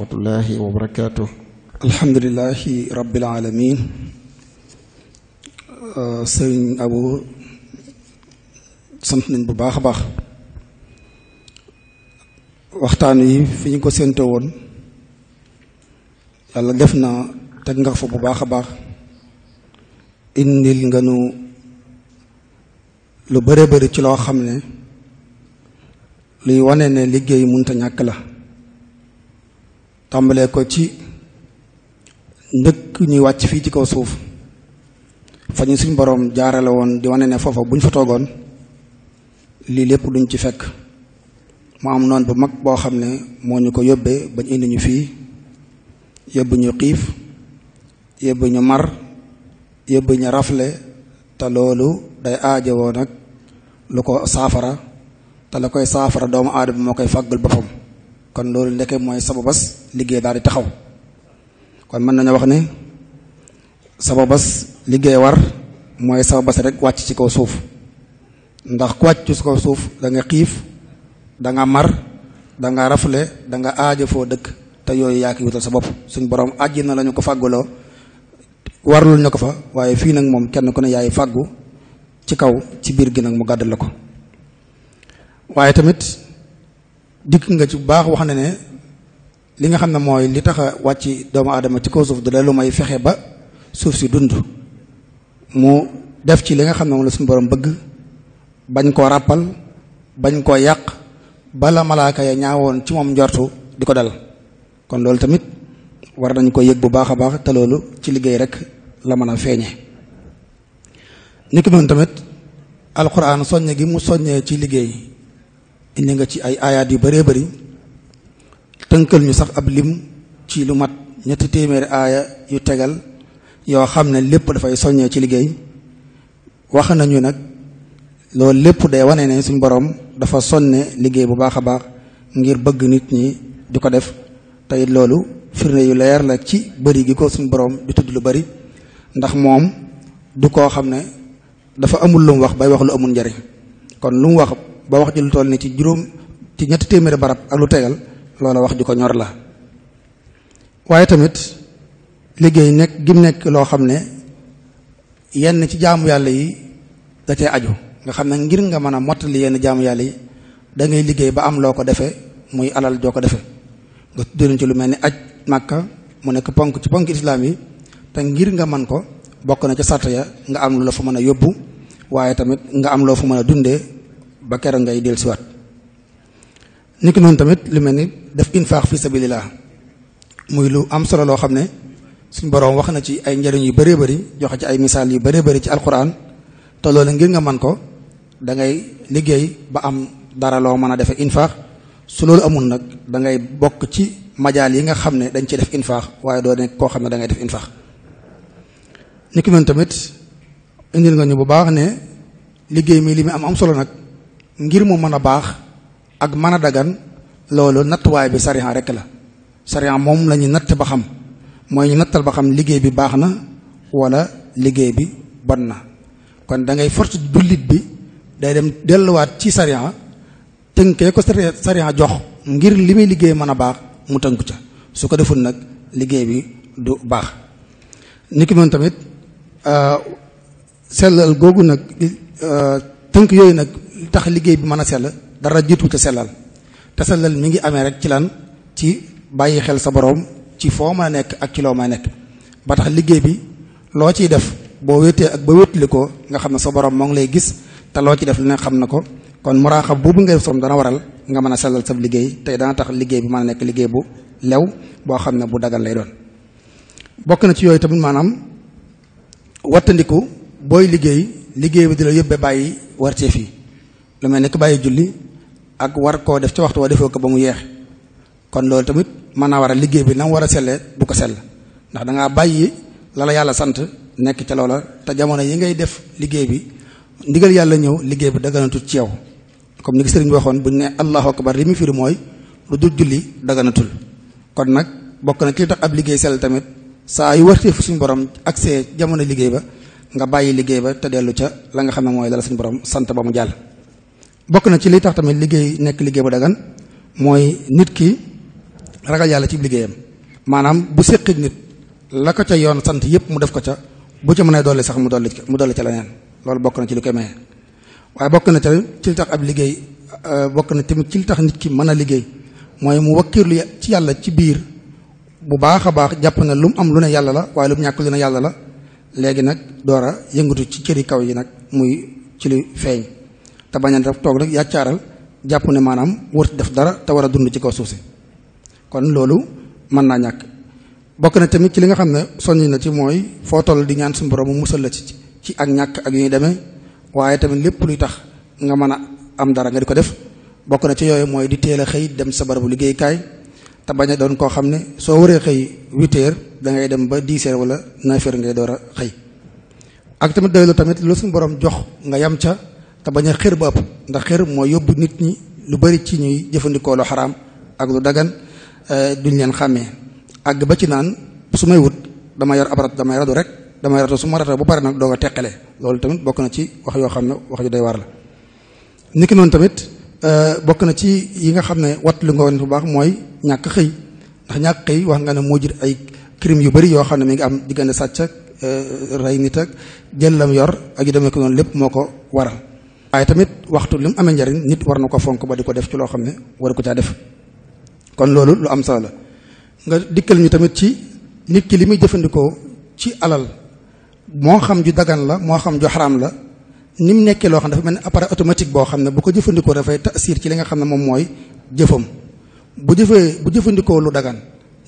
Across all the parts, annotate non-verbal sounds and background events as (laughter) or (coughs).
rahmatullahi wa barakaatu. alhamdulilahi rabbil aalamiin uh, sëriñ Abu sant nañ bu baax a baax waxtaan wi fi ñu ko séente woon yàlla def na teg nga fa bu baax a baax indil nga nu lu bare bari ci loo xam ne luy wane ne liggéey munta ñàkk la tàmbalee ko ci njëkk ñuy wàcc fii ci kaw suuf fa ñu suñ boroom jaarale woon di wane ne foofa bu ñu fa toogoon lii lépp duñ ci fekk mu am noon bu mag boo xam ne moo ñu ko yóbbee bañ indi ñu fii yóbbu ñu xiif yóbbu ñu mar yóbbu ñu rafle te loolu day aajowoo nag lu ko saafara te la koy saafara doomu bi moo koy fàggul boppam kon loolu ndeke mooy sababas liggéey daal taxaw kon mën nañu wax ne sababas liggéey war mooy sababas rek wàcc ci kaw suuf ndax ku wàcc ci kaw suuf da nga xiif danga mar da rafule danga da aajo foo dëkk te yooyu yaa ki wutal sa bopp suñ borom àjji na la ko fàgguloo warlul ñu ko fa waaye fii nag moom kenn ku ne yaay fàggu ci kaw ci biir gi nag mu gàddal la ko waaye tamit dikk nga ci bu baax wax na ne li nga xam ne mooy li tax a wàcc doomu aadama ci kaw suuf du la lu may fexe ba suuf si dund mu def ci li nga xam ne moom la suñ borom bëgg bañ koo ràppal bañ koo yàq bala malaaka ya ñaawoon ci moom njortu di ko dal kon loolu tamit war nañ ko yëg bu baax a baax te loolu ci liggéey rek la mën a feeñe niki noonu tamit alxuraan soññe gi mu soññee ci liggéey indi nga ci ay aayaat yu bëree bëri tënkal ñu sax ab lim ci lu mat ñetti téeméeri aaya yu tegal yoo xam ne lépp dafay soññee ci liggéey wax nañu nag loolu lépp day wane ne suñ boroom dafa sonne liggéey bu baax a baax ngir bëgg nit ñi di ko def tey loolu firnde yu leer la ci bëri gi ko suñ borom di tudd lu bari ndax moom du koo xam ne dafa amul lum wax bay wax lu amul njariñ kon lu wax ba wax ji lu toll ni ci juróom ci ñetti téeméeri barab ak lu tegal loola wax ju ko ñor la waaye tamit liggéey nekk gim nekk loo xam ne yenn ci jaamu yàlla yi da cee nga xam ne ngir nga mën a mottali yenn jaamu yàlla yi da ngay liggéey ba am loo ko defee muy alal joo ko defee nga tuddee ci lu mel ni aj màkka mu nekk ponk ci ponk islaam yi te ngir nga man ko bokk na ca sart ya nga am lu la fa mën a yóbbu waaye tamit nga am loo fu mën a dundee ba keroog ngay dellusiwaat ni ki noonu tamit lu mel ni def infaax fi sabilillah muy lu am solo loo xam ne suñ boroom wax na ci ay njëriñ yu bëree bëri joxe ci ay misaal yu bëree bëri ci alquran te loolu ngir nga man ko da ngay liggéey ba am dara loo mën a defee infaax su loolu amul nag da ngay bokk ci majaal yi nga xam ne dañ ci def infaax waaye doo nekk koo xam ne dangay def infaax ni ki noonu tamit indil nga ñu bu baax ne liggéey mi li mu am am solo nag ngir mu mën a baax ak mën a dagan loolu nattuwaay bi sariya rekk la sariyan moom lañuy ñu natt ba xam mooy ñu nattal ba xam liggéey bi baax na walla liggéey bi bon na kon dangay ngay force dullit bi day dem delluwaat ci sariya tënkee ko sariya jox ngir li muy liggéey mën a baax mu tënku ca su ko deful nag liggéey bi du baax ni tamit euh, sellal googu nag euh, tënk yooyu nag tax liggéey bi mën a sell dara jiitu ca sellal te sellal mi ngi amee rek ci lan ci bàyyi xel sa borom ci foo ma nekk ak ci loo ma nekk ba tax liggéey bi loo ciy def boo wéetee ak ba wéetli ko nga xam ne sa borom moo ngi lay gis te loo ci def lu ne xam na ko kon muraaxab boobu ngay sorom dana waral nga mën a sellal sa liggéey tey dana tax liggéey bi mën a nekk liggéey bu lew boo xam ne bu dagal lay doon bokk na ci yooyu tamit maanaam wattandiku booy liggéey liggéey bi di la yóbbe bàyyi warteef yi lu mel ne ki bàyyi julli ak war koo def ca waxtu wa defoo ko ba mu yeex kon loolu tamit mën naa war a liggéey bi na war a selle du ko sell ndax da bàyyi la yàlla sant nekk ca loola te jamono yi ngay def liggéey bi ndigal yàlla ñëw liggéey bi daganatul ci yow comme ni ko sëriñ bi waxoon bu ñu ne allahu akbar li mu firi mooy lu dul julli daganatul kon nag bokk na ki tax ab liggéey sell tamit saa yu wartee fu suñu borom ak jamono liggéey ba nga bàyyi liggéey ba te dellu ca la nga xam ne mooy dala suñu borom sant ba mu jàll bokk na ci li tax tamit liggéey nekk liggéey bu dagan mooy nit ki ragal yàlla ci liggéeyam maanaam bu séqik nit la ko ca yoon sant yépp mu def ko ca bu ca mën a dolli sax mu dolli mu dolli ca leneen loolu bokk na ci lu koy maye waaye bokk na tamit ci li tax ab liggéey euh, bokk na tamit ci li tax nit ki mën a liggéey mooy mu wakkirlu ci yàlla ci biir bu baax a baax jàpp na lu mu am lu ne yàlla la waaye lu mu ñàkk lu ne yàlla la léegi nag door a yëngatu ci cëri kaw yi nag muy ci li feeñ te bañ a def toog rek yàccaaral jàpp ne maanaam warut def dara te war a dund ci kaw suuf si kon loolu mën naa ñàkk. bokk na tamit ci li nga xam ne soññ na ci mooy foo toll di ñaan suñu borom mu musal la ci ci ak ñàkk ak yu ñuy demee waaye tamit lépp luy tax nga mën a am dara nga di ko def bokk na ci yooyu mooy di teel a xëy dem sa barabu liggéeykaay te bañ a doon koo xam ne soo waree xëy huit heures da ngay dem ba dix heures wala neuf heures ngay door a xëy. ak tamit tamit lu suñu nga yam ca. te bañ a xër ba ëpp ndax xër mooy yóbbu nit ñi lu bari ci ñuy jëfandikoo lu xaraam ak lu dagan eh, duñ leen xàmmee àgg ba ci naan su may wut dama yor ab rat damay radu rek damay ratu su ma ratoo ba pare nag doog a teqale loolu tamit bokk na ci wax yoo xam ne wax ju day war la. niki noonu tamit eh, bokk na ci yi nga xam ne wat lu nga woon bu baax mooy ñàkk xëy ndax ñàkk xëy wax nga ne moo jur ay crime yu bari yoo xam ne mi ngi am diggante sàcc ak eh, rey nit ak jël lam yor ak yu demee ko noonu lépp moo ko waral. waaye tamit waxtu li mu amee njariñ nit war na ko fonk ba di ko def ci loo xam ne war ko caa def kon loolu lu am solo la nga dikkal ñu tamit ci nit ki li muy jëfandikoo ci alal moo xam ju dagan la moo xam ju xaraam la ni mu nekkee loo xam ne dafa mel ne appareil automatique boo xam ne bu ko jëfandikoo dafay tasiir ci li xam ne moom mooy jëfam bu jëfee bu jëfandikoo lu dagan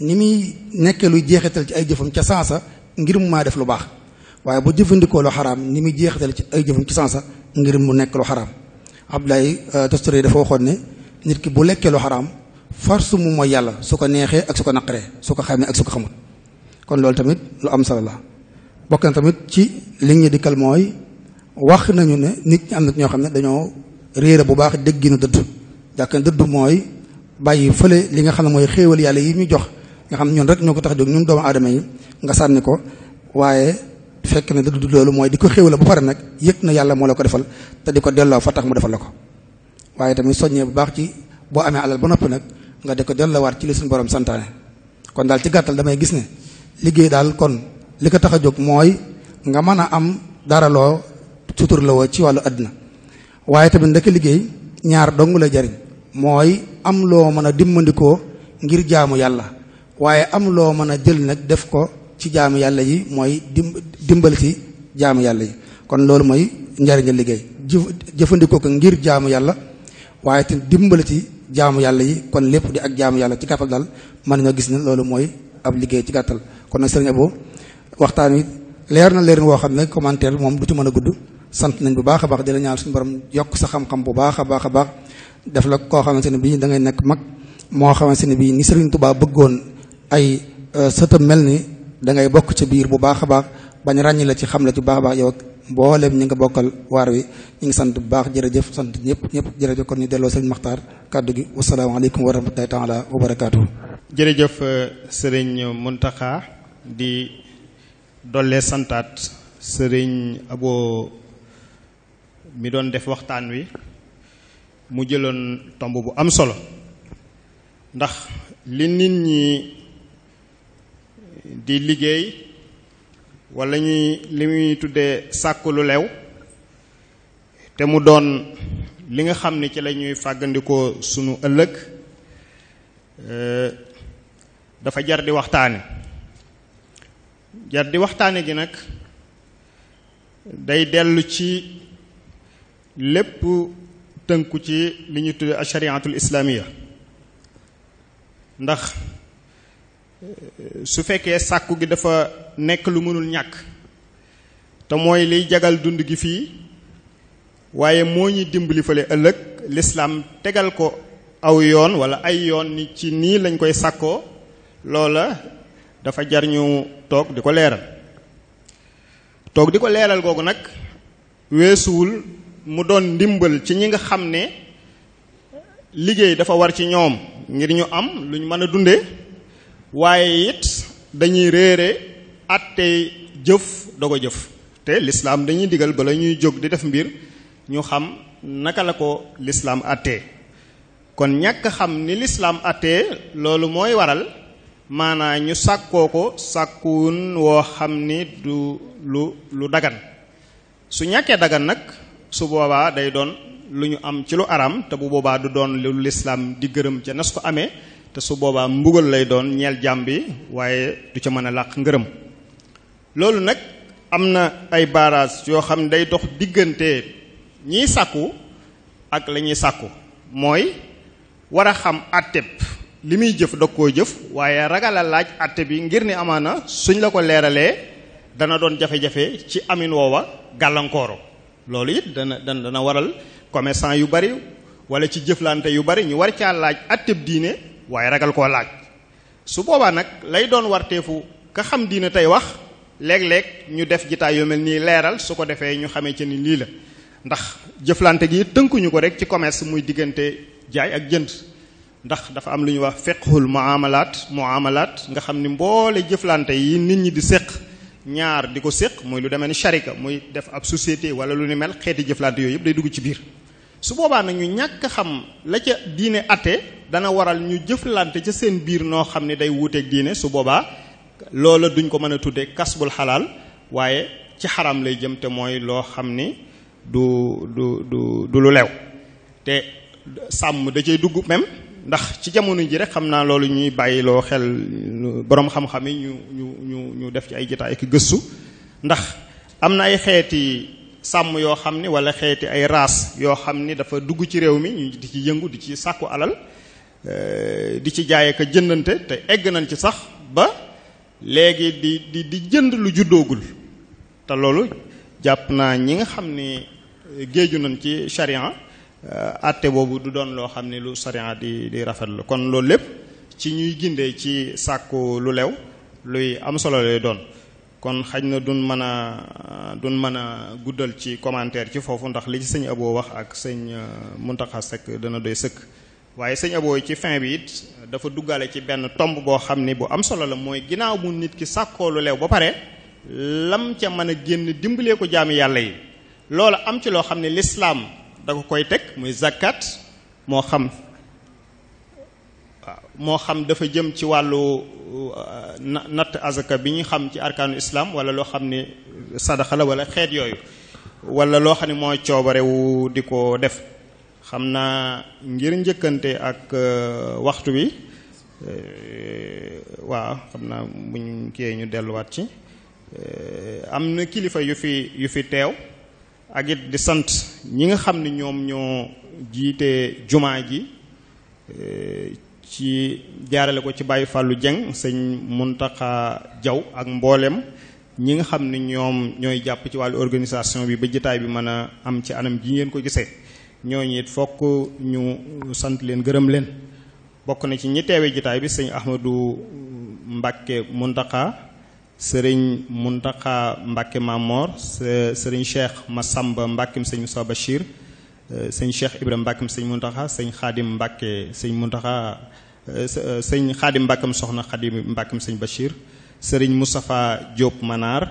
ni muy nekkee luy jeexital ci ay jëfam ca sansa ngir mu maa def lu baax waaye bu jëfandikoo lu xaraam ni muy jeexital ci ay jëfam ci sansa ngir mu nekk lu xaraam Abdoulaye Dastouré euh, dafa waxoon ne nit ki bu lekkee lu xaraam farsu mu mooy yàlla su ko neexee ak su ko naqaree su ko xamee ak su ko xamul kon loolu tamit lu am solo la bokk na tamit ci li ñu dikkal mooy wax nañu ne nit ñi am na ñoo xam ne dañoo réere bu baax na dëdd jàkk dëdd mooy bàyyi fële li nga xam ne mooy xéewal yàlla yi ñu jox nga xam ñun rek ñoo ko tax jóg ñun doomu aadama yi nga sànni ko waaye fekk ne du loolu mooy di ko xéw la ba pare nag yëg na yàlla moo la ko defal te di ko delloo fa tax mu defal la ko waaye tamit soññee bu baax ci boo amee alal ba noppi nag nga di ko delloowaat ci li suñu borom santaane kon daal ci gàttal damay gis ne liggéey daal kon li ko tax a jóg mooy nga mën a am dara loo sutur ci wàllu àddina waaye tamit ndaka liggéey ñaar dong la jariñ mooy am loo mën a dimmandikoo ngir jaamu yàlla waaye am loo mën jël nag def ko ci jaamu yàlla yi mooy dim dimbal ci jaamu yàlla yi kon loolu mooy njariñu liggéey jëfandikoo ko ngir jaamu yàlla waaye te dimbali ci jaamu yàlla yi kon lépp di ak jaamu yàlla ci gàttal dal mën nga gis ne loolu mooy ab liggéey ci gàttal kon nag sëriñ Abo waxtaan wi leer na leerin woo xam ne commentaire moom du ci mën a gudd sant nañ bu baax a baax di la ñaan suñu borom yokk sa xam-xam bu baax a baax a baax def la koo xamante ne bii dangay nekk mag moo xamante ne bii ni sëriñ Tuubaa bëggoon ay euh, da ngay bokk ci biir bu baax a baax bañ ràññi la ci xam la ci baax a baax yow ak mboolem ñi nga bokkal waar wi ñu ngi sant bu baax jërëjëf sant ñëpp ñëpp jërëjëf kon ñu delloo sëriñ Maxtaar kàddu gi wasalaamaaleykum wa rahmatulahi taala wa barakaatu. jërëjëf euh, sëriñ Muntaxa di dollee santaat sëriñ Abo mi doon def waxtaan wi mu jëloon tomb bu am solo ndax li nit ñi. di liggéey wala ñuy li muy tuddee sàkk lu lew te mu doon li nga xam ni ci la ñuy fàggandikoo sunu ëllëg euh, dafa jar di waxtaane jar di waxtaane gi nag day dellu ci lépp tënku ci li ñu tuddee ashariatul islamiya ndax su fekkee sàkku gi dafa nekk lu mënul ñàkk te mooy liy jagal dund gi fii waaye moo ñuy dimbali fale ëllëg lislaam tegal ko aw yoon wala ay yoon ni ci nii lañ koy sàkkoo loola dafa jar ñu toog di ko leeral toog di ko leeral googu nag weesuwul mu doon ndimbal ci ñi nga xam ne liggéey dafa war ci ñoom ngir ñu am luñ mën a dunde waaye it dañuy réere àttee jëf dogo jëf te lislaam dañuy digal bala ñuy jóg di def mbir ñu xam naka la ko lislaam até kon ñàkk xam ni lislaam àttee loolu mooy waral maanaa ñu sàkkoo ko sàkkuwun woo xam ni du lu lu dagan su ñàkkee dagan nag su boobaa day doon lu ñu am ci lu araam te bu boobaa du doon lu lislaam di gërëm ca nas ko amee te su boobaa mbugal lay doon ñeel jàmm bi waaye du ca mën a làq ngërëm loolu nag am na ay barrage yoo xam ne day dox diggante ñiy sàkku ak la ñuy sàkku mooy war a xam àtteb li muy jëf dog koo jëf waaye ragal laaj àtte bi ngir ni amaana suñ la ko leeralee dana doon jafe-jafe ci amin woowa gàllankooro loolu it dana dana waral commerçant yu bari wala ci jëflante yu bari ñu war caa laaj àtteb diine waaye ragal koo laaj su boobaa nag lay doon warteefu ka xam diina tey wax léeg-léeg ñu def jitaay yu mel nii leeral su ko defee ñu xamee ci ni lii la ndax jëflante gi tënkuñu ko rek ci commerce muy diggante jaay ak jënd ndax dafa am lu ñuy wax fiqhul muamalaat muamalaat nga xam ni mboole jëflante yi nit ñi di séq ñaar di ko séq muy lu demee ni sharika muy def ab société wala lu ni mel xeeti jëflante yooyu yëpp day dugg ci biir su boobaa nañu ñàkk xam la ca diine atte dana waral ñu jëflante ca seen biir noo xam ne day wuuteeg diine su boobaa loola duñ ko mën a tuddee kasbul xalaal waaye ci xaram lay jëm te mooy loo xam ni du du du du lu lew te sàmm da cay dugg même ndax ci jamono ji rek xam naa loolu ñuy bàyyi loo xel boroom xam-xam yi ñu ñu ñu ñu def ci ay jotaay ak gëstu ndax am na ay xeeti sàmm yoo xam ni wala xeeti ay raas yoo xam ni dafa dugg ci réew mi ñu di ci yëngu di ci sàkku alal euh, di ci jaayee ka jëndante te egg nañ ci sax ba léegi di di di jënd lu juddoogul te loolu jàpp naa ñi nga xam ni euh, géeju nañ ci sharia euh, àtte boobu du doon loo xam ni lu sharia di di rafetlu kon loolu lépp ci ñuy gindee ci sàkku lu lew luy am solo lay doon kon xaj na duñ mën a duñ mën a guddal ci commentaire ci foofu ndax li ci sëñ aboo wax ak sëñ euh, Muntaxa Seck dana doy sëkk waaye sëñ aboo ci fin bi it dafa duggale ci benn tomb boo xam ni bu am solo la mooy ginnaaw mu nit ki sàkkoo lu leew ba pare lam ca mën a génn dimbalee ko jaami yàlla yi loolu am ci loo xam ne lislaam da ko koy teg muy zakat moo xam waaw moo xam dafa jëm ci wàllu natt azaka bi ñu xam ci arkaanu islaam wala loo xam ne sadaxa la wala xeet yooyu wala loo xam ne mooy coobarewu di ko def xam naa ngir njëkkante ak euh, waxtu wi euh, waaw xam naa buñ kiyee ñu delluwaat ci euh, am na kilifa yu fi yu fi teew ak it di sant ñi nga xam ne ñoom ñoo jiite jumaa ji ci jaarale ko ci bàyyi fàllu Dieng sëñ Muntaxa Jaw ak mbooleem ñi nga xam ne ñoom ñooy jàpp ci wàllu organisation bi ba jitaay bi mën a am ci anam ji ngeen ko gisee ñooñu it fokk ñu sant leen gërëm leen bokk na ci ñi teewee jitaay bi sëñ Ahmadou Mbacke Muntaxa sëriñ Muntaxa Mbacke Mamor sëriñ Cheikh Massamba Mbacke sëñ Moussa Bachir Euh, sëñ Cheikh Ibrahima Mbakam sëñ Muntaxa sëñ Xaadim Mbàkke sëñ Muntaxa euh, euh, sëñ Xaadim Mbakam soxna Xaadim Mbakam sëñ Bachir sëriñ Moustapha Diop Manar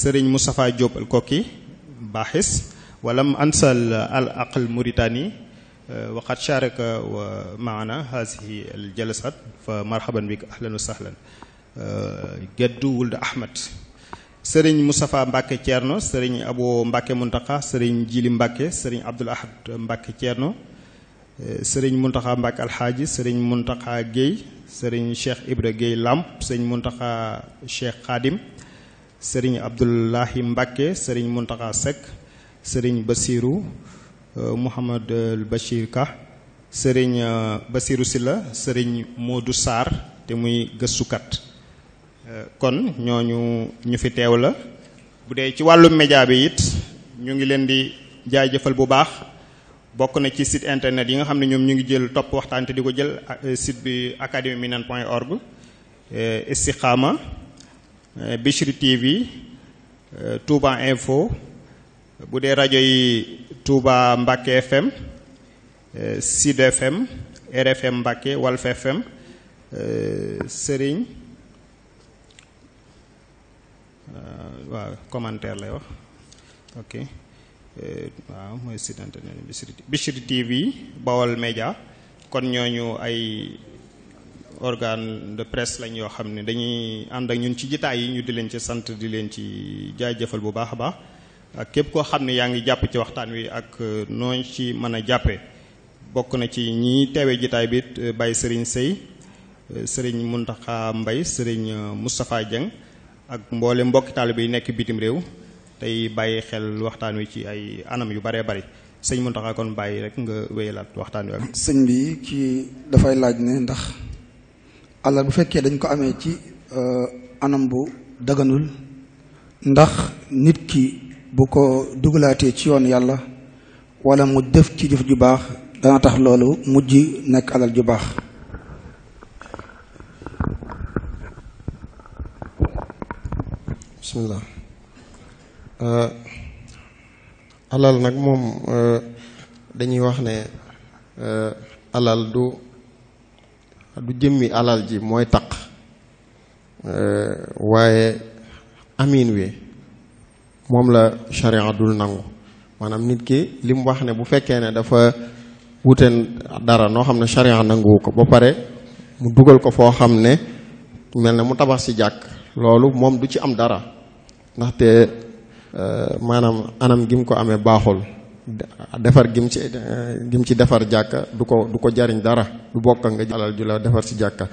sëriñ Moustapha Diop al Kokki baaxis walam ansal al aql Mauritanie waqad sharaka wa maana hazihi al jalasat fa marhaban bik ahlan wa sahlan gaddu wuld sëriñ Moustapha Mbacke Thierno sëriñ Abo Mbacke Muntaxa sëriñ Jili Mbacke sëriñ Abdoul Ahad Mbacke Thierno eh, sëriñ Muntaxa Mbacke Alxaaji sëriñ Muntaxa Guèye sëriñ Cheikh Ibra Guèye Lamp sëriñ Muntaxa Cheikh Khadim sëriñ Abdoulahi Mbacke sëriñ Muntaxa Seck sëriñ Bassirou euh, Mouhamad El Bachir Ka sëriñ euh, Bassirou Silla sëriñ Modou Sarr te muy gëstukat kon ñooñu ñu fi teew la bu dee ci wàllu média bi it ñu ngi leen di jaajëfal bu baax bokk na ci site internet yi nga xam ne ñoom ñu ngi jël topp waxtaan te di ko jël euh, site bi académie minan point org euh, Istikhama euh, Bichri TV Touba Info bu dee rajo yi Touba Mbacké FM Sud FM RFM Mbacké Walf FM Serigne Euh, waaw commentaire lay wax ok euh, waaw mooy site internet Bichri Bichri kon ñooñu ay organe de presse lañ yoo xam ne dañuy ànd ak ñun ci jitaay yi ñu di leen ci sant di leen ci jaajëfal bu baax a baax ak képp koo xam ne yaa ngi jàpp ci waxtaan wi ak euh, nooñ ci mën a jàppee bokk na ci ñi teewee jitaay bi Baye Serigne Sey Serigne Mountakha mbay sëriñ Moustapha Dieng ak mboole mbokki taalibe yi nekk bitim réew tey bàyyi xel waxtaan wi ci ay anam yu baree bari sëñ Mountakha kon bàyyi rek nga wéyalaat waxtaan wi ak. (coughs) sëñ bi kii dafay laaj ne ndax alal bu fekkee dañ ko amee ci euh, anam bu daganul ndax nit ki bu ko dugalaatee ci yoon yàlla wala mu def ci jëf ju baax dana tax loolu mujj nekk alal ju baax. bismillah euh, alal nag moom euh, dañuy wax ne euh, alal du du jëmmi alal ji mooy taq waaye amin wi moom la charia dul nangu maanaam nit ki li mu wax ne bu fekkee ne dafa wuteen dara noo xam ne charia nanguwu ko ba pare mu dugal ko foo xam ne mel ne mu tabax ci jàkk loolu moom du ci am dara ndaxte euh, maanaam anam gi ko amee baaxul defar gim ci gim ci defar jàkka du ko du ko jariñ dara du bokk nga alal ju la defar ci jàkka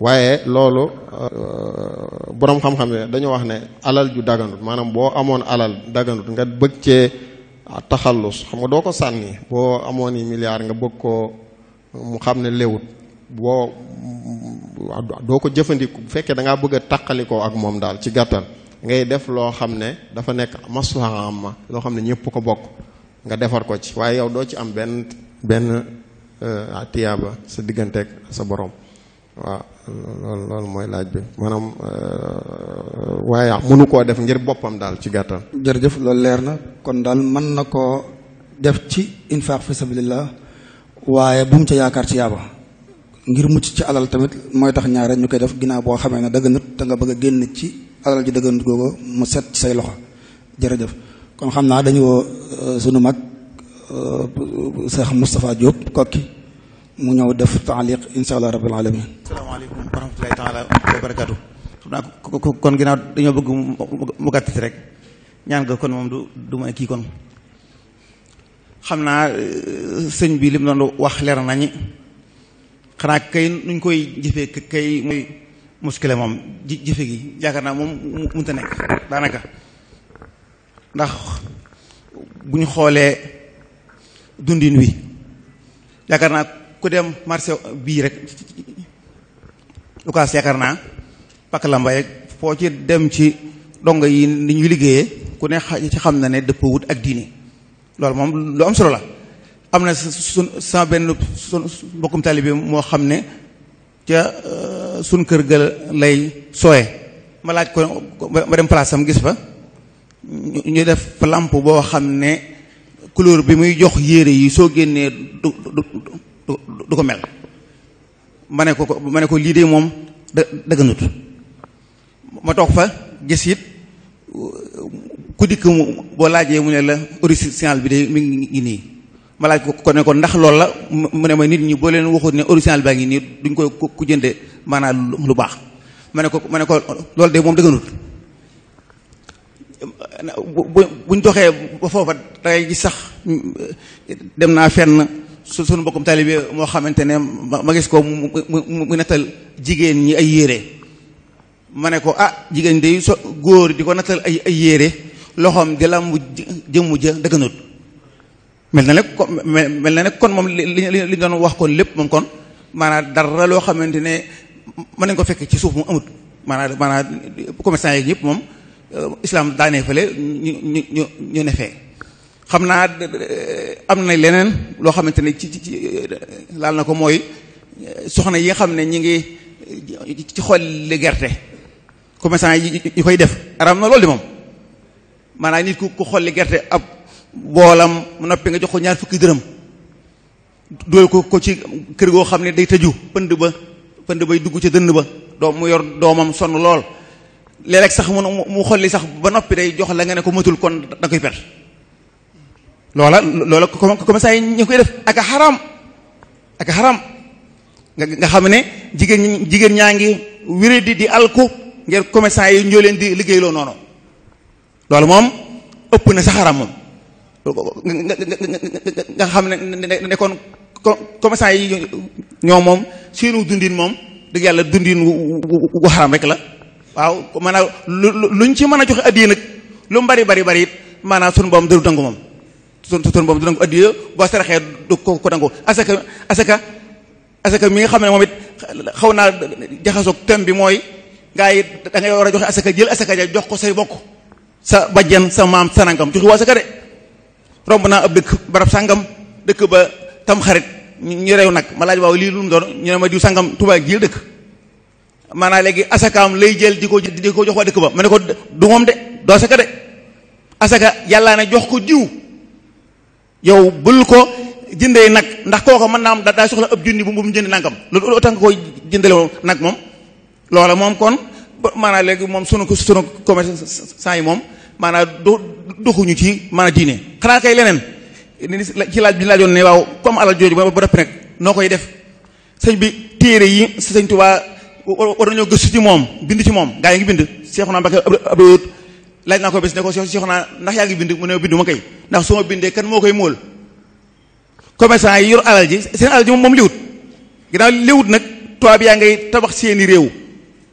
waaye loolu euh, boroom xam-xam ne dañoo wax ne alal ju daganut maanaam boo amoon alal daganut nga bëgg cee taxallus xam nga doo ko sànni boo amoon yi milliard nga bëgg ko mu xam ne léwut boo doo ko jëfandiku bu fekkee da ngaa bëgg a taqalikoo ak moom daal ci gàttal ngay def loo xam ne dafa nekk maslaha amma loo xam ne ñëpp ko bokk nga defar ko ci waaye yow doo ci am benn benn euh, tiyaaba sa digganteeg sa borom waaw loolu mooy laaj bi maanaam euh, waaye mënu koo def ngir boppam daal ci gàttal. jëf loolu leer na kon daal mën na koo def ci infaq fi sabilillah waaye bu mu ca yaakaar ci yaaba ngir mucc ci alal tamit mooy tax ñaare ñu koy def ginnaaw boo xamee ne dëgg nit te nga bëgg a génn ci. alal ji dëggantu googu mu set say loxo jërëjëf kon xam naa dañu woo euh, sunu mag Cheikh Moustapha Diop kokki mu ñëw def taaliq insha allah rabbil alamin salaamaaleykum wa rahmatullahi taala wa barakatu kon ginnaaw dañoo bëgg mu gàttiti rek ñaan nga kon moom du du kii kon xam naa euh, sëñ bi li mu doon wax leer nañi xanaa kay nuñ koy jëfee kay muy muskile moom ji jëfe gi yaakaar naa moom mënut a nekk daanaka ndax bu ñu xoolee dundin wi yaakaar naa ku dem marché bii rek Lukaas yaakaar naa pakk lambay rek foo ci dem ci dongo yi ni ñuy liggéeyee ku ne ci xam na ne dëpp wut ak diini loolu moom lu am solo la am na su sa benn su mbokkum taalibe moo xam ne ca sun kër ga lay sooye ma laaj ko ma dem place am gis fa ñu def lampe boo xam ne couleur bi muy jox yére yi soo génnee du du ko mel ma ne ko ma ne ko lii de moom da dëgganut ma toog fa gis it ku dikk mu boo laajee mu ne la original bi de mi ngi nii ma laaj ko ko ne ko ndax loolu la mu ne ma nit ñi boo leen waxut ne original baa ngi nii duñ koy ku jënde maanaam lu baax ma ne ko ma ne ko loolu de moom dëgganut bu buñ doxee ba foofa dangay gis sax dem naa fenn su suñu mbokkum taalibe moo xamante ne ma gis ko mu mu mu nettal jigéen ñi ay yére ma ne ko ah jigéen de so góor di ko nettal ay ay yére loxoom di lam mu ja dëgganut mel na nag kon mel na nag kon moom li li doon wax kon lépp moom kon maanaam dara loo xamante ne mën nañ ko fekkee ci suuf mu amut maanaam maanaam commerçant yeeg ñëpp moom euh, islam daanee fële ñu ñu ñu ñu nefee xam naa am na leneen loo xamante ne ci ci euh, laal na ko mooy euh, soxna yi nga xam ne ñu ngi ci xolli gerte commerçant yi koy def araam na lool di moom maanaam nit ku xolli gerte ab boolam mu noppi nga jox ko ñaar fukki dërëm dool ko ko ci kër goo xam ne day tëju pënd ba pënd bay dugg ca dënn ba doom mu yor doomam sonn lool léeg-léeg sax mu mu xolli sax ba noppi day jox la nga ne ko matul kon da koy per loola loola comme ça ñu koy def ak a xaraam ak a xaraam nga nga xam ne jigéen jigéen ñaa ngi wéré di di alku ngir commerçant yi ñoo leen di liggéeyloo noonu loolu moom ëpp na nga ne ne commerçant yi ñoom moom seenu dundiin moom dëgg yàlla dundin wu xaram rek la waaw maanaam lu lu luñ ci mën a joxe addiya nag lu mu bari bari bari it maanaam sunu boom du dangu moom sunu sunu boom du dangu addiya boo saraxee du ko ko dangu asaka asaka asaka mi nga xam ne moom it xaw naa jaxasoog thème bi mooy gaa yi da ngay war a joxe asaka jël asaka ja jox ko say bokk sa bajjan sa maam sa nangam joxe waa asaka de romb naa ab dëkk barab sàngam dëkk ba tamxarit ñu rew nag ma laaj waaw lii lu mu doon ñu ne ma diw sangam Tuubaa gi dëkk naa léegi asakaam lay jël di ko di ko jox waa dëkk ba ma ne ko du moom de doo asaka de asaka yàllaa ne jox ko diw yow bul ko jëndee nag ndax kooka mën naa am daa soxla ëpp junni bu mu jënd nangam loolu tax nga jëndale moom nag moom loola moom kon maanaam léegi moom sunu ko sunu commerçant yi moom maanaam doxuñu ci maanaam diine xanaa kay leneen ci laaj bi ñu laajoon ne waaw comme alal jooju ba def nag noo koy def sëñ bi téere yi sëñ Tuubaa war nañoo gëstu ci moom bind ci moom gaa yi ngi bind Seexuna Mbàkke Abdu laaj naa ko bés ne ko Seexuna ndax yaa ngi bind mu ne ma koy ndax su bindee kan moo koy móol commerçant yi yor alal ji seen moom liwut ginnaaw liwut nag toit bi ngay tabax seeni réew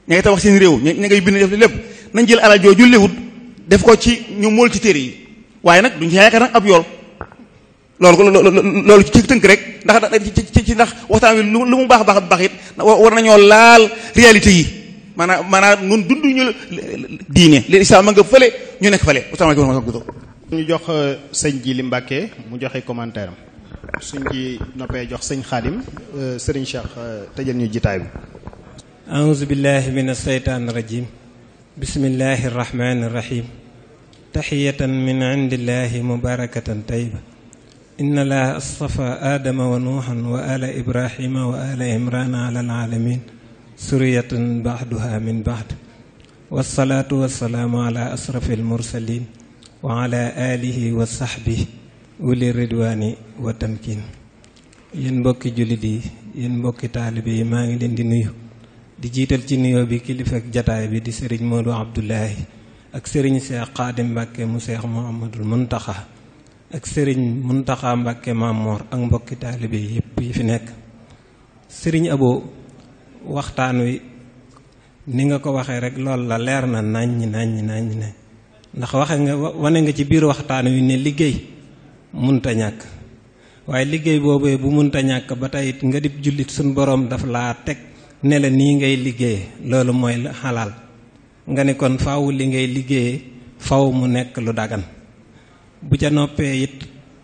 ña ngay tabax seeni réew ña ngay bind lépp nañ jël alal jooju liwut def ko ci ñu móol ci téere yi waaye nag duñ ci yaakaar nag ab yool loolu loolu ci tënk rek ndax ci ndax waxtaan wi lu mu baax baax baaxit it war nañoo laal réalité yi maanaam maanaam nun dunduñu diine li islam nga fële ñu nekk fële asalaamaaleykum wa rahmatulah. ñu jox sëñ ji li Mbàkke mu joxe commentaire am suñ ci noppee jox sëñ Xaadim sëriñ Cheikh tëjal ñu jitaay bi. aouzu billahi min asaytaan rajim bismillahi rahmani rahim. taxiyatan min indillahi mubarakatan tayba inna laa astafa aadama wa nuuxan wa ala ibrahima wa ala imrana ala alaalamin suriyatan baxduha min baxd wasalaatu wasalaamu ala asrafi almursalin wa ala alihi wa saxbi uli ridwaani wa tamkin yéen mbokki jullit yi yéen mbokki taalibe yi maa ngi leen di nuyu di jiital ci nuyoo bi kilifa ak jataay bi di sëriñ Modou Abdoulaye ak sëriñ Cheikh Xaadim Mbàkke mu Cheikh Mouhamadul Muntaxa ak sëriñ Muntaxa Mbàkke Maamoor ak mbokki taalibe yépp yi fi nekk sëriñ Abo waxtaan wi ni nga ko waxee rek loolu la leer na naññ naññ naññ ne ndax waxe nga wane nga ci biir waxtaan wi ne liggéey munta ñàkk waaye liggéey boobee bu munta ñàkk ba tey nga dib jullit suñ boroom dafa laa teg ne la nii ngay liggéeye loolu mooy xalaal nga ne kon faw li ngay liggéeye faw mu nekk lu dagan bu ca noppee it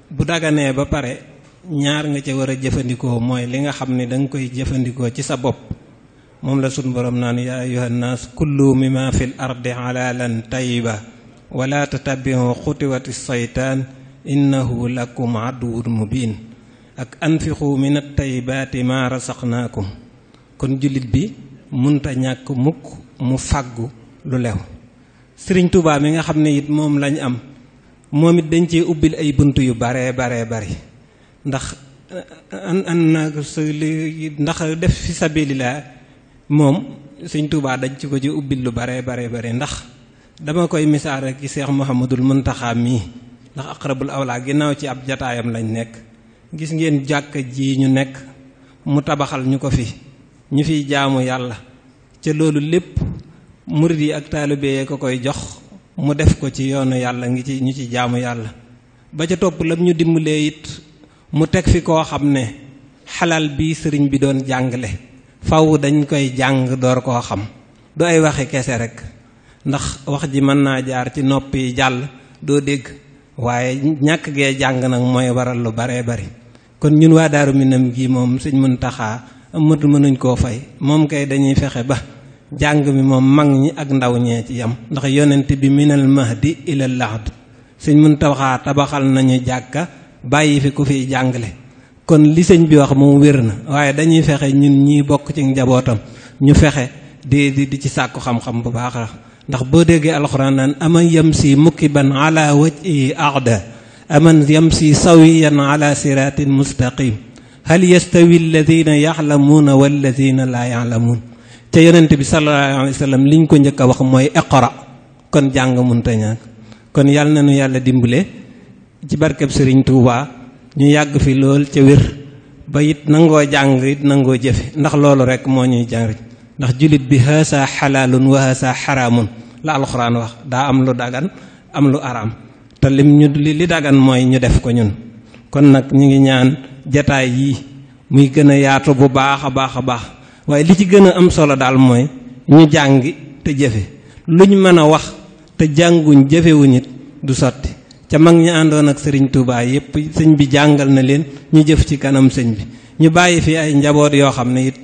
bu daganee ba pare ñaar nga ca war a jëfandikoo mooy li nga xam ne danga koy jëfandikoo ci sa bopp moom la sun borom naan yaa ayuha nnaas kullu mimma fil ardi halalan tayiba wala tatabiu xutuwati saytaan innahu lakum aduwun mubin ak anfiqu min at-tayyibaati ma rasaqnaakum kon jullit bi munta ñàkk mukk mu fàggu lu lew sëriñ Tuubaa mi nga xam ne it moom lañ am moom it dañ cee ubbil ay bunt yu baree baree bari ndax an an ndax def fi sabilillah moom suñ Tuubaa dañ ci ko ci ubbil lu baree baree bari ndax dama koy misaal rek Seex Muhammadul Muntaxa mii ndax aqrabul awlaa ginnaaw ci ab jataayam lañ nekk gis ngeen jàkk ji ñu nekk mu tabaxal ñu ko fi ñu fiy jaamu yàlla ca loolu lépp murid yi ak taalibe ko koy jox mu def ko ci yoonu yàlla ngi ci ñu ci jaamu yàlla ba ca topp lam ñu dimbalee it mu teg fi koo xam ne xalaal bi sëriñ bi doon jàngale faw dañ koy jàng door koo xam du ay waxi kese rek ndax wax ji mën naa jaar ci nopp yi jàll doo dégg waaye ñàkk gee jàng nag mooy waral lu baree bari kon ñun waa Daaru Minam gi moom Sëñ Muntaxa mënuñ koo fay moom kay dañuy fexe ba jàng mi moom mag ñi ak ndaw ñee ci yam ndax yonent bi minal mahdi ilal lahd sëñ Muntaxa tabaxal nañu jàkka bàyyi fi ku fiy jàngale kon li sëñ bi wax moom wér na waaye dañuy fexe ñun ñiy bokk ci njabootam ñu fexe di di ci sàkku xam-xam bu baax la ndax boo déggee alxuraan naan aman yam si mukiban ala wajhi ahda aman yam si sawiyan ala siratin mustaqim hal yastawi alladina yaxlamuuna walladina laa yaxlamuun te yonent bi sallallahu alayhi wa sallam liñ ko njëkk a wax mooy iqra kon jàng munta ñàkk kon yàlla na nu yàlla dimbale ci barkeb sëriñ Touba ñu yàgg fi lool ca wér ba it nangoo jàng it nangoo jëfe ndax loolu rek moo ñuy jàng ndax jullit bi haasa xalaalun wa haasa xaraamun la alxuraan wax daa am lu dagan am lu araam te ñu li li dagan mooy ñu def ko ñun kon nag ñu ngi ñaan jataay yi muy gën a yaatu bu baax a baax a baax waaye li ci gën a am solo daal mooy ñu jàngi te jëfe lu ñu mën a wax te jànguñ jëfewuñ it du sotti ca mag ñi àndoon ak sëriñ Touba yépp sëñ bi jàngal na leen ñu jëf ci kanam sëñ bi ñu bàyyi fi ay njaboot yoo xam ne it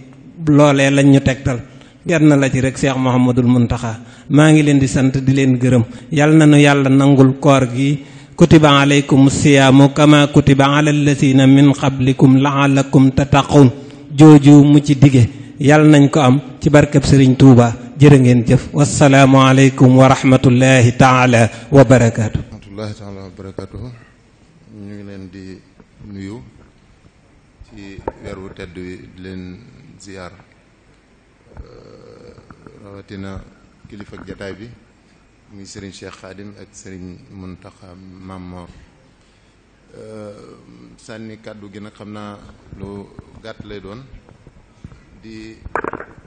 loolee lañ ñu tegtal genn la ci rek Cheikh Mouhamadul Mountakha maa ngi leen di sant di leen gërëm yal na nu yàlla nangul koor gi kutiba alaykum siyaamu kama kutiba ala allasina min qablikum laallakum tattaqun jooju mu ci dige yàlla nañ ko am ci barkeb sëriñ Touba jërë ngeen jëf wasalaamu aleykum wa rahmatullahi taala wa barakaatu. ñu ngi leen di nuyu ci weer wu tedd wi leen ziar euh, rawatina kilifa ak jataay bi muy sëriñ Cheikh Khadim ak sëriñ Mountakha Mamor. Euh, sànni kàddu gi nag xam naa lu gàtt lay doon. di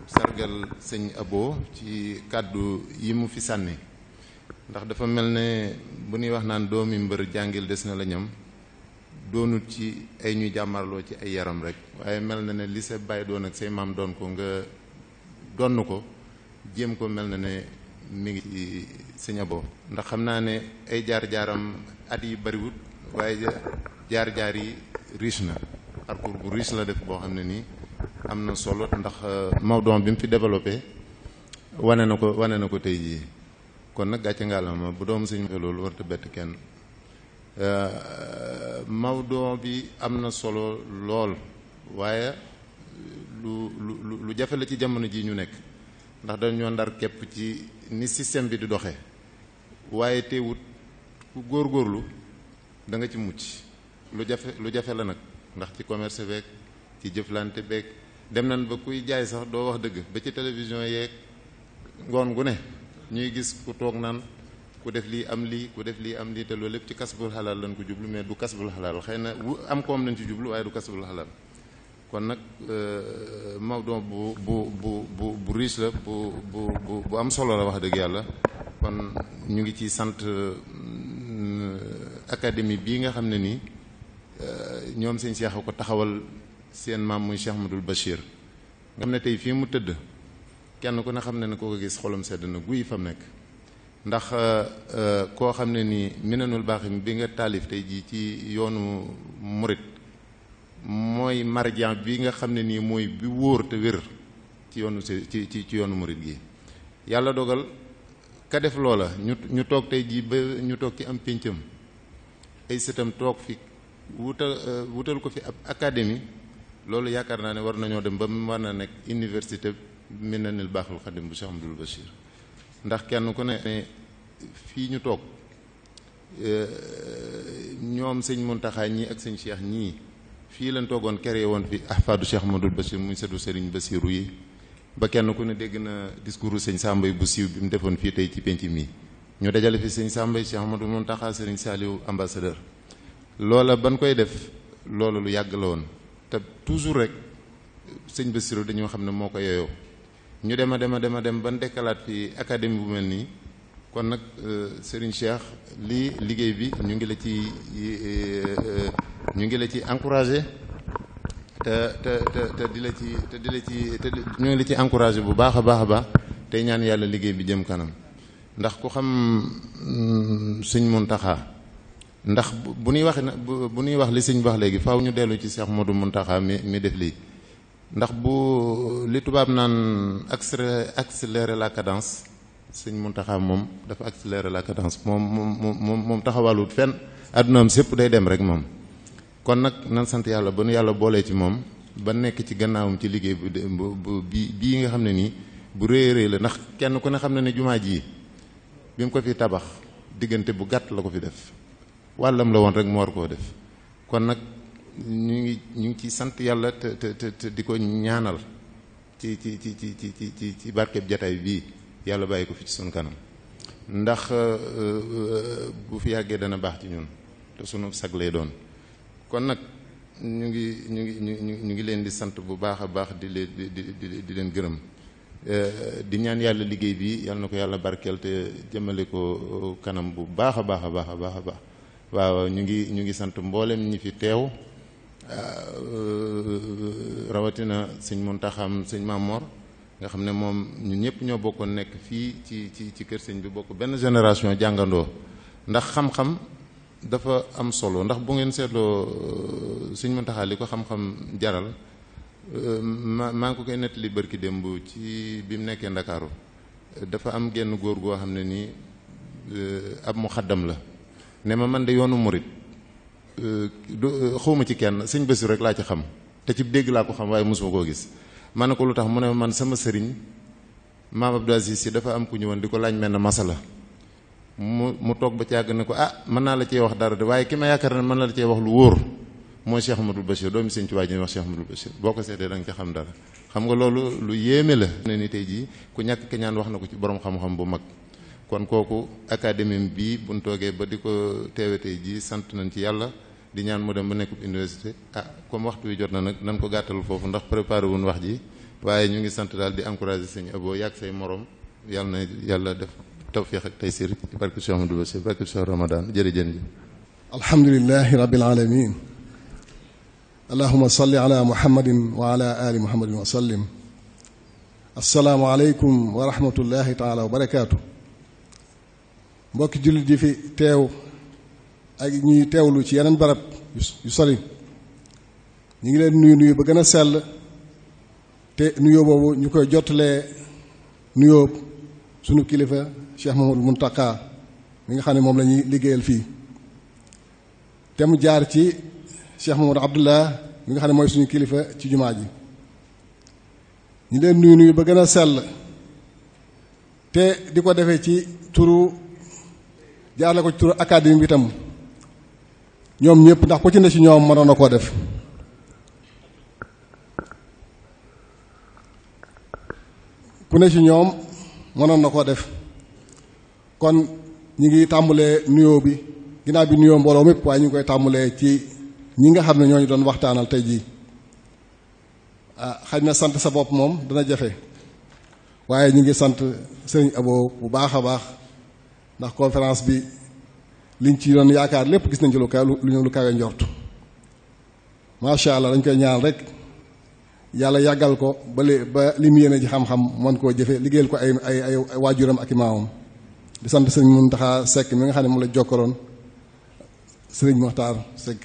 sargal sëñ Abo ci kàddu yi mu fi sànni ndax dafa mel ne bu ñuy wax naan doomi mbër jàngil des na la ñam doonut ci ay ñuy jàmmarloo ci ay yaram rek waaye mel na ne li sa bàyyi doon ak say maam doon ko nga donn ko jéem ko mel na ne mi ngi ci sëñ Abo ndax xam naa ne ay jaar-jaaram at yi bariwut waaye jaar-jaar yi riche na parcours bu riche la def boo xam ne nii am na solo ndax euh, Maodo bi mu fi développé wane na ko wane na ko tey jii kon nag gàcce ngaalama bu doom sëñ bi loolu warta bett kenn euh, Maodo bi am na solo lool waaye lu lu lu jafe la ci jamono ji ñu nekk ndax dañoo ndar képp ci ni système bi di doxe waaye teewut ku góorgóorlu da nga ci mucc lu jafe lu jafe la nag ndax ci commerce beeg ci jëflante beeg dem nañ ba kuy jaay sax doo wax dëgg ba ci télévision yeeg ngoon gu ne ñuy gis ku toog naan ku def lii am lii ku def lii am lii te loolu lépp ci kasbul xalaal lañ ko jublu mais du kasbul xalaal xëy na wu am koom lañ ci jublu waaye du kasbul xalaal kon nag euh, Maodo bu bu bu bu bu riche la bu bu bu am solo la wax dëgg yàlla kon ñu ngi ci sant euh, académie bii nga xam ne nii euh, ñoom seen seex ko taxawal seen maam muy Cheikh Ahmadul Bachir nga xam ne tey fii mu tëdd kenn ku ne xam ne ne koo ko gis xolum sedd na guy fam nekk ndax euh, euh, koo xam ne nii minanul baax bi nga taalif tey jii ci yoonu murit mooy marjan bi nga xam ne nii mooy bi wóor te wér ci yoonu ci ci ci yoonu murit gi yàlla dogal ka def loola ñu ñu toog tey jii ba ñu toog ci am péncam ay sëtam toog fi wutal euh, wutal ko fi ab académie loolu yaakaar naa ne war nañoo dem ba mu war na nekk université Minanul Baaxil Xadim bu Cheikh Amadou ndax kenn ku ne fii ñu toog euh, ñoom sëñ Muntaxa ñii ak sëñ Cheikh ñii fii lañ toogoon kere woon fi ahfaadu Cheikh Amadou Bachir muy setu sëriñ Basiru yi ba kenn ku ne dégg na discours sëñ Sàmbay bu siiw bi mu defoon fii tey ci penc mi ñu dajale fi sëñ Sàmbay Cheikh Amadou Muntaxa sëriñ Saaliw ambassadeur loola ban koy def loolu lu yàgg la woon toujours rek sëñ Bassirou dañoo xam ne moo ko yeyoo ñu dem a dem a dem a dem ban dekkalaat fi académie bu mel nii kon nag euh, Serigne Cheikh lii liggéey bi ñu ngi la ci euh, euh, ñu ngi la ci encouragé te te te te di la ci te di la te ñu ngi la ci encouragé bu baax a baax a baax tey ñaan yàlla liggéey bi jëm kanam ndax ku xam mm, sëñ Mountakha ndax bu ñuy wax bu ñuy wax li sëñ wax léegi faaw ñu dellu ci Cheikh Modou Mountakha mi mi def lii ndax bu li tubaab naan accéléré la cadence sëñ Mountakha moom dafa accélérer la cadence moom moom moom fenn àddunaam sépp day dem rek moom. kon nag nan sant yàlla ba nu yàlla boolee ci moom ba nekk ci gannaawam ci liggéey bu bi bii nga xam ne nii bu rëy rëy la ndax kenn ku ne xam ne ne jumaa jii bi mu ko fi tabax diggante bu gàtt la ko fi def. wàllam la woon rek mu war koo def kon nag ñu ngi ñu ngi ciy sant yàlla te te te di ko ñaanal ci ci ci ci ci ci ci barkeb jataay bii yàlla bàyyi ko fi ci sunu kanam ndax euh, euh, bu fi yàggee dana baax ci ñun te sunu sag doon kon nag ñu ngi ñu ngi ñu ñu ngi leen di sant bu baax a baax di leen di di di leen gërëm euh, di ñaan yàlla liggéey bi yàlla na ko yàlla barkeel te jëmale ko kanam bu baax a baax a baax a baax a baax. waaw ñu ngi ñu ngi sant mbooleem ñi fi teew rawatina sëñ Muntaxam sëñ Mamor nga xam ne moom ñu ñëpp ñoo bokkoon nekk fii ci ci ci kër sëñ bi bokk benn génération jàngandoo ndax xam-xam dafa am solo ndax bu ngeen seetloo euh, sëñ Muntaxa li ko xam-xam jaral euh, ma maa ngi ko koy nettali bërki démb ci bi mu nekkee Ndakaaru dafa am genn góor goo xam ne nii euh, ab mu xaddam la ne ma man de yoonu murit euh, du euh, xawma ci kenn sëñ Bassirou rek laa ci xam te ci dégg laa ko xam waaye mosuma koo gis ma ne ko lu tax mu ne man sama sëriñ maam Abdou Aziz si dafa am ku ñëwoon di ko laaj mel ne masala mu mu toog ba càgg ne ko ah mën naa la cee wax dara de waaye ki ma yaakaar na mën na la cee wax lu wóor mooy Cheikh Amadou Bachir doomi sëñ Tuubaa ji wax Cheikh Amadou Bachir boo ko seetee da nga xam dara xam nga loolu lu yéeme la ne ni tey jii ku ñàkk keñaan wax na ko ci borom xam bu mag kon kooku académie bii bu ñu toogee ba di ko teewe tey jii sant nañ ci yàlla di ñaan mu dem ba nekkub université ah comme waxtu wi jot na nag nan ko gàttal foofu ndax préparé wuñ wax ji waaye ñu ngi sant daal di encouragé sëñ Abo yàgg say morom yàlla na yàlla def tawfiq ak taysir ci barke Cheikh Amadou Bassir barke Cheikh Ramadan jërëjëf. alhamdulilahi rabbil alamin allahuma salli ala muhammadin wa ala ali muhammadin wa sallim assalaamu aleykum wa rahmatullahi taala wa barakaatu mbokki jullit ji fi teew ak ñuy teewlu ci yeneen barab yu sori ñu ngi leen nuyu nuyu ba gën a sell te nuyoo boobu ñu koy jottalee nuyoo sunu kilifa Cheikh Mamadou Mountakha mi nga xam ne moom lañuy liggéeyal fii te mu jaar ci Cheikh Mamadou Abdullah mi nga xam ne mooy suñu kilifa ci jumaa ji ñu leen nuyu nuyu ba gën a sell te di ko defee ci turu jaarale ko ci tur académie bi itam ñoom ñëpp ndax ku ci ne ci ñoom mënoon na koo def ku ñoom mënoon na koo def kon ñi ngi tàmbalee nuyoo bi ginnaaw bi nuyoo mbooloo mépp waaye ñu ngi koy tàmbalee ci ñi nga xam ne ñoo ñu doon waxtaanal tey jii ah xaj na sant sa bopp moom dana jafe waaye ñu ngi sant sëriñ Abo bu baax a baax ndax conférence bi liñ ci doon yaakaar lépp gis nañ ci lu kaw lu ñu lu kawe njortu macha allah dañ koy ñaan rek yàlla yàggal ko ba li ba li mu yéene ji xam-xam mën koo jëfe liggéeyal ko ay ay ay waajuram ak i di sant sëriñ Muntaxa Sekk mi nga xam ne moom la jokkaloon sëriñ Moxtaar Sekk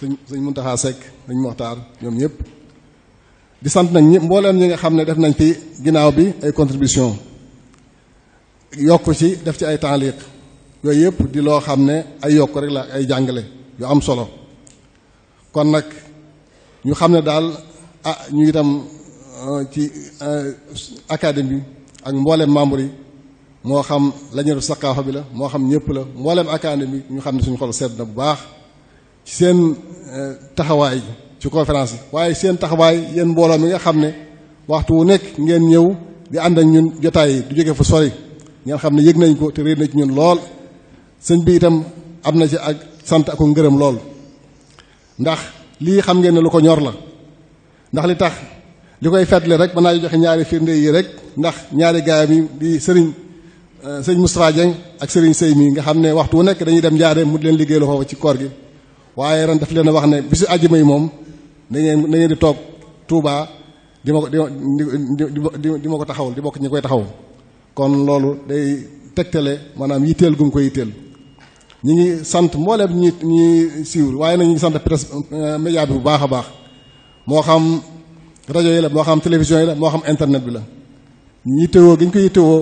sëriñ mun Muntaxa Sekk sëriñ Moxtaar ñoom ñëpp di sant nañ ñëpp mbooleem ñi nga xam ne def nañ fi ginnaaw bi ay contribution yokk ci def ci ay taaliq yooyu yëpp di loo xam ne ay yokk rek la ay jàngale yu am solo kon nag ñu xam ne daal ah ñu itam euh, ci euh, académie ak mboolem membre yi moo xam lañu saqaafa bi la moo xam ñëpp la mboolem académie ñu xam ne suñ xol sedd na bu baax ci seen euh, taxawaay ci conférence yi waaye seen taxawaay yéen mbooloo mi nga xam ne waxtu wu nekk ngeen ñëw di ànd ak ñun jotaay yi du jóge fu sori ngeen xam ne yëg nañ ko te réer na ci ñun lool sëñ bi itam am na ci ak sant ak ngërëm lool ndax lii xam ngeen ne lu ko ñor la ndax li tax li koy feetle rek mën naa joxe ñaari firnde yi rek ndax ñaari gaayam yi di sëriñ euh, sëriñ Moustapha Dieng ak sëriñ Sey mi nga xam ne waxtu wu nekk dañuy dem jaaree mu leen liggéey lu foofu ci koor gi waaye ren daf leen wax ne bisu àjjuma yi moom na ngeen na ngeen di toog Touba di ma ko di ma di ma ko taxawul di bokk ñi koy taxawul kon loolu day tegtale maanaam yitteel gu mu ko yitteel ñi ngi sant mbooleem ñi ñi siiwul waaye nag ñi ngi sant presse euh, média bu baax a baax moo xam rajo yi la moo xam télévision yi la moo xam internet bi la ñu yittewoo gi ñu ko yittewoo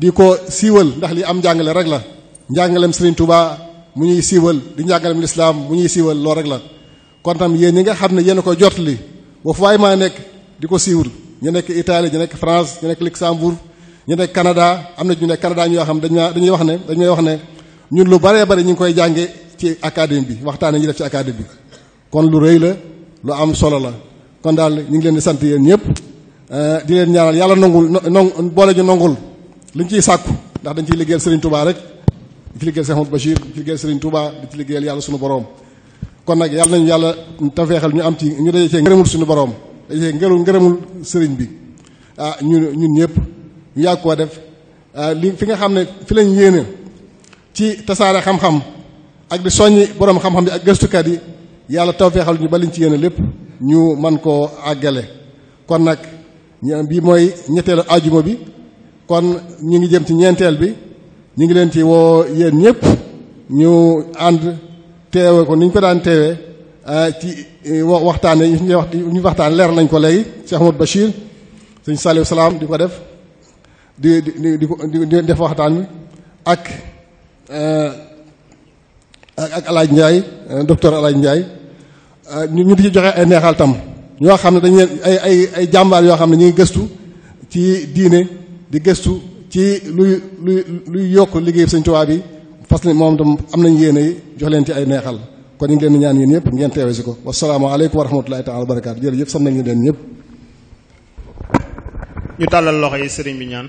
di ko siiwal ndax li am njàngale rek la njàngaleem Serigne Touba mu ñuy siiwal di njàngaleem lislaam mu ñuy siiwal loolu rek la kon tam yéen ñi nga xam ne yéen a ko jot li boo fu waay maa nekk di ko siiwal ñu nekk Italie ñu nekk France ñu nekk Luxembourg ñu ne Canada am na ñu ne Canada ñu yoo xam dañu dañuy wax ne dañuy wax ne ñun lu baree bari ñu ngi koy jànge ci académie bi waxtaan ñu def ci académie bi kon lu rëy la lu am solo la kon daal ñu ngi leen di sant yéen ñëpp eh, di leen ñaanal yàlla nongul non boole ñu nongul liñ ciy sàkku ndax dañ ciy liggéeyal Serigne Touba rek di ci liggéeyal Cheikh Ahmadou Bachir di ci liggéeyal Serigne Touba ci liggéeyal yàlla suñu borom kon nag yàlla nañu yàlla tafeexal ñu am ci ñu daje cee ngërëmul suñu borom daje cee ngërëmul ngërëmul bi ah ñun ñun ñëpp ñu yàgg koo def euh, li fi nga xam ne fi lañ yéene ci tasaare xam-xam ak di soññi borom xam-xam yi ak gëstukat yi yàlla tawfeexal ñu ba liñ ci yéene lépp ñu man koo àggale kon nag bi mooy ñetteelu ajuma bi kon ñu ngi jëm ci ñeenteel bi ñu ngi leen ci woo yéen ñëpp ñu ànd teewe ko ni ñu ko daan teewee euh, ci euh, waxtaane ñu waxtaan leer nañ ko léegi Cheikh Ahmadou Bachir sëñ Saliou Salaam di ko def di di di ko di def waxtaan wi ak eh, ak alaaj Hadj Ndiaye eh, docteur El eh, ñu di ci joxe ay neexal tam ñoo xam ne dañu leen ay ay ay jàmbaar yoo xam ne ñu gëstu ci diine di gëstu ci luy luy luy yokk liggéey Sëñ Tuubaa bi parce que moom tam am nañ yéene yi jox leen ci ay neexal kon ñu ngi leen di ñaan yéen ñëpp ngeen teewe si ko wasalaamaaleykum wa rahmatulahi taala wa barakaatu jërëjëf sant nañu leen ñëpp. ñu tàllal loxo yi sëriñ bi ñaan.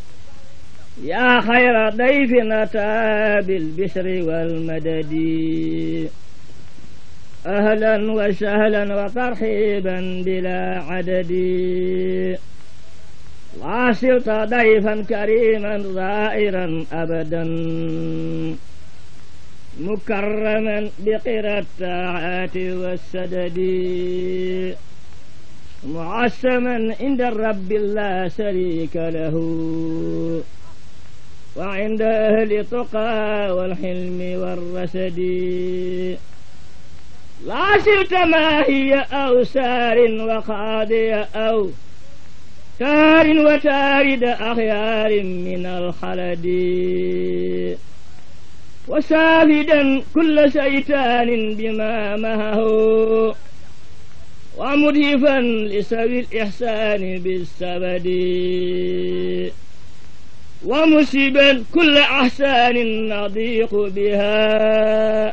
yaa xayra dayfin ataa bilbishri walmadadi ahlan wa sahlan wa tarxiban bila adadi laa silta dayfan kariman zaa'iran abadan mukarraman biqira taaati wassadadi muassaman inda rabbi laa sharika lahu wa inda ahli tuqa wal xilmi war rasadi laa sirta maa hiya aw saarin wa qaadiya aw taarin wa taarida axyaarin min alxaladi wa saafidan kulla saytaanin bima mahahu wa mudhifan li sawi lixsaani bisabadi ومصيبا كل أحسان نضيق بها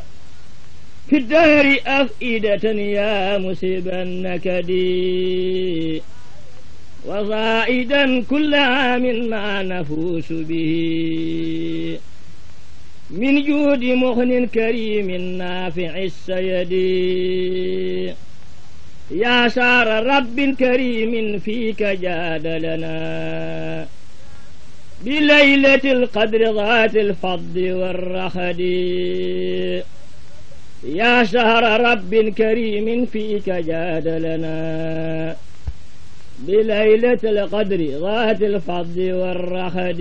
في الدهر أفئدة يا مصيبا نكدي وصائدا كل عام ما نفوس به من جود مغن كريم نافع السيد يا سار رب كريم فيك جاد لنا بليلة القدر ذات الفضل والرخد يا شهر رب كريم فيك جاد لنا بليلة القدر ذات الفضل والرخد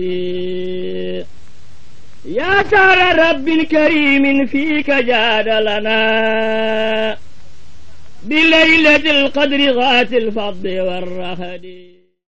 يا شهر رب كريم فيك جاد لنا بليلة القدر ذات الفضل والرخد